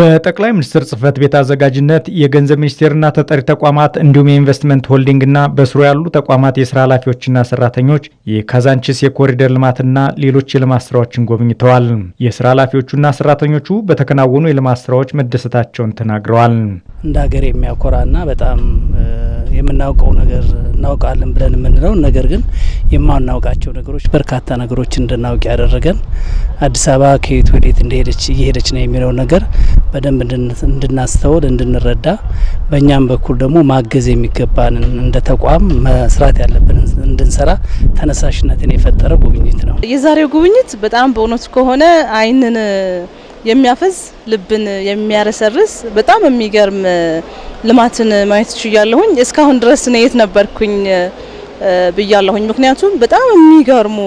በጠቅላይ ሚኒስትር ጽህፈት ቤት አዘጋጅነት የገንዘብ ሚኒስቴርና ተጠሪ ተቋማት እንዲሁም የኢንቨስትመንት ሆልዲንግና በስሩ ያሉ ተቋማት የስራ ኃላፊዎችና ሰራተኞች የካዛንችስ፣ የኮሪደር ልማትና ሌሎች የልማት ስራዎችን ጎብኝተዋል። የስራ ኃላፊዎቹና ሰራተኞቹ በተከናወኑ የልማት ስራዎች መደሰታቸውን ተናግረዋል። እንደ ሀገር የሚያኮራና በጣም የምናውቀው ነገር እናውቃለን ብለን የምንለው ነገር ግን የማናውቃቸው ነገሮች በርካታ ነገሮች እንድናውቅ ያደረገን አዲስ አበባ ከየት ወዴት እንደሄደች እየሄደች ነው የሚለው ነገር በደንብ እንድናስተውል እንድንረዳ፣ በእኛም በኩል ደግሞ ማገዝ የሚገባንን እንደ ተቋም መስራት ያለብን እንድንሰራ ተነሳሽነትን የፈጠረ ጉብኝት ነው የዛሬው ጉብኝት። በጣም በእውነቱ ከሆነ አይንን የሚያፈዝ ልብን የሚያረሰርስ በጣም የሚገርም ልማትን ማየት ችያለሁኝ። እስካሁን ድረስ እኔ የት ነበርኩኝ ብያለሁኝ። ምክንያቱም በጣም የሚገርሙ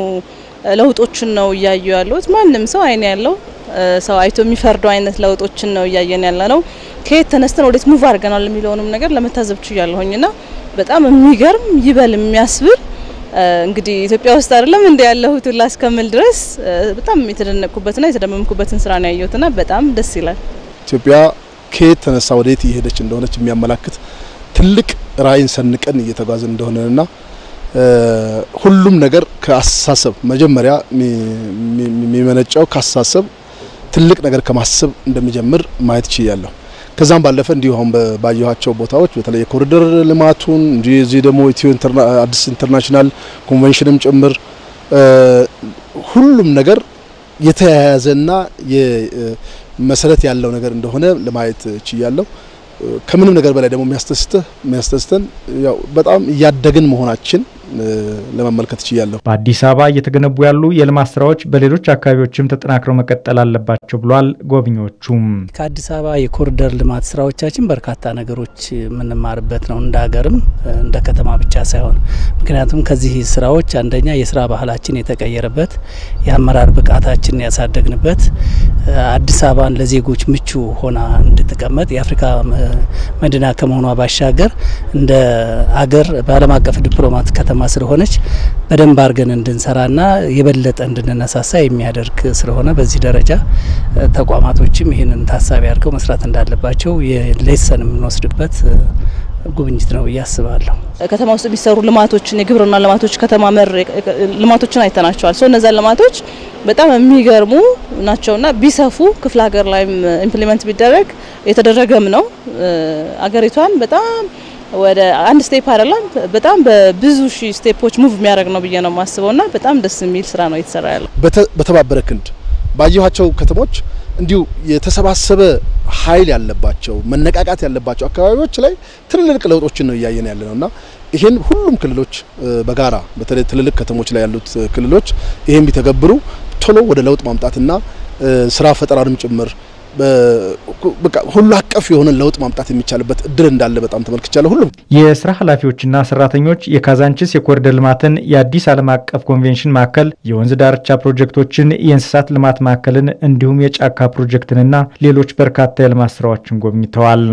ለውጦችን ነው እያዩ ያለሁት። ማንም ሰው አይን ያለው ሰው አይቶ የሚፈርደው አይነት ለውጦችን ነው እያየን ያለ ነው። ከየት ተነስተን ወዴት ሙቭ አድርገናል የሚለውንም ነገር ለመታዘብ ችያለሁኝ እና በጣም የሚገርም ይበል የሚያስብል እንግዲህ ኢትዮጵያ ውስጥ አይደለም እንደ ያለሁት ሁላ እስከምል ድረስ በጣም የተደነቅኩበትና የተደመምኩበትን ስራ ነው ያየሁትና በጣም ደስ ይላል ኢትዮጵያ ከየት ተነሳ ወደ የት እየሄደች እንደሆነች የሚያመላክት ትልቅ ራዕይን ሰንቀን እየተጓዘ እንደሆነና ሁሉም ነገር ከአስተሳሰብ መጀመሪያ የሚመነጫው ከአስተሳሰብ ትልቅ ነገር ከማሰብ እንደሚጀምር ማየት ችያለሁ። ከዛም ባለፈ እንዲሁ አሁን ባየኋቸው ቦታዎች በተለይ የኮሪደር ልማቱን እንዲሁ እዚህ ደግሞ ኢትዮ አዲስ ኢንተርናሽናል ኮንቬንሽንም ጭምር ሁሉም ነገር የተያያዘና መሰረት ያለው ነገር እንደሆነ ለማየት ችያለሁ። ከምንም ነገር በላይ ደግሞ የሚያስደስተን ያው በጣም እያደግን መሆናችን ለመመልከት ችያለሁ። በአዲስ አበባ እየተገነቡ ያሉ የልማት ስራዎች በሌሎች አካባቢዎችም ተጠናክረው መቀጠል አለባቸው ብሏል። ጎብኚዎቹም ከአዲስ አበባ የኮሪደር ልማት ስራዎቻችን በርካታ ነገሮች የምንማርበት ነው፣ እንደ ሀገርም እንደ ከተማ ብቻ ሳይሆን። ምክንያቱም ከዚህ ስራዎች አንደኛ የስራ ባህላችን የተቀየረበት፣ የአመራር ብቃታችን ያሳደግንበት፣ አዲስ አበባን ለዜጎች ምቹ ሆና እንድትቀመጥ የአፍሪካ መዲና ከመሆኗ ባሻገር እንደ አገር በዓለም አቀፍ ዲፕሎማት ከተማ ከተማ ስለሆነች በደንብ አድርገን እንድንሰራና የበለጠ እንድንነሳሳ የሚያደርግ ስለሆነ በዚህ ደረጃ ተቋማቶችም ይህንን ታሳቢ አድርገው መስራት እንዳለባቸው ሌሰን የምንወስድበት ጉብኝት ነው ብዬ አስባለሁ። ከተማ ውስጥ የሚሰሩ ልማቶችን የግብርና ልማቶች ከተማ መር ልማቶችን አይተናቸዋል። ሰው እነዚያን ልማቶች በጣም የሚገርሙ ናቸውና ቢሰፉ ክፍለ ሀገር ላይም ኢምፕሊመንት ቢደረግ የተደረገም ነው አገሪቷን በጣም ወደ አንድ ስቴፕ አይደለም በጣም በብዙ ሺ ስቴፖች ሙቭ የሚያደርግ ነው ብዬ ነው የማስበው እና በጣም ደስ የሚል ስራ ነው የተሰራ ያለው። በተባበረ ክንድ ባየኋቸው ከተሞች እንዲሁ የተሰባሰበ ኃይል ያለባቸው መነቃቃት ያለባቸው አካባቢዎች ላይ ትልልቅ ለውጦችን ነው እያየን ያለ ነው እና ይህን ሁሉም ክልሎች በጋራ በተለይ ትልልቅ ከተሞች ላይ ያሉት ክልሎች ይህን ቢተገብሩ ቶሎ ወደ ለውጥ ማምጣትና ስራ ፈጠራንም ጭምር በቃ ሁሉ አቀፍ የሆነ ለውጥ ማምጣት የሚቻልበት እድል እንዳለ በጣም ተመልክቻለሁ። ሁሉም የስራ ኃላፊዎችና ሰራተኞች የካዛንችስ የኮሪደር ልማትን፣ የአዲስ ዓለም አቀፍ ኮንቬንሽን ማዕከል፣ የወንዝ ዳርቻ ፕሮጀክቶችን፣ የእንስሳት ልማት ማዕከልን እንዲሁም የጫካ ፕሮጀክትንና ሌሎች በርካታ የልማት ስራዎችን ጎብኝተዋል።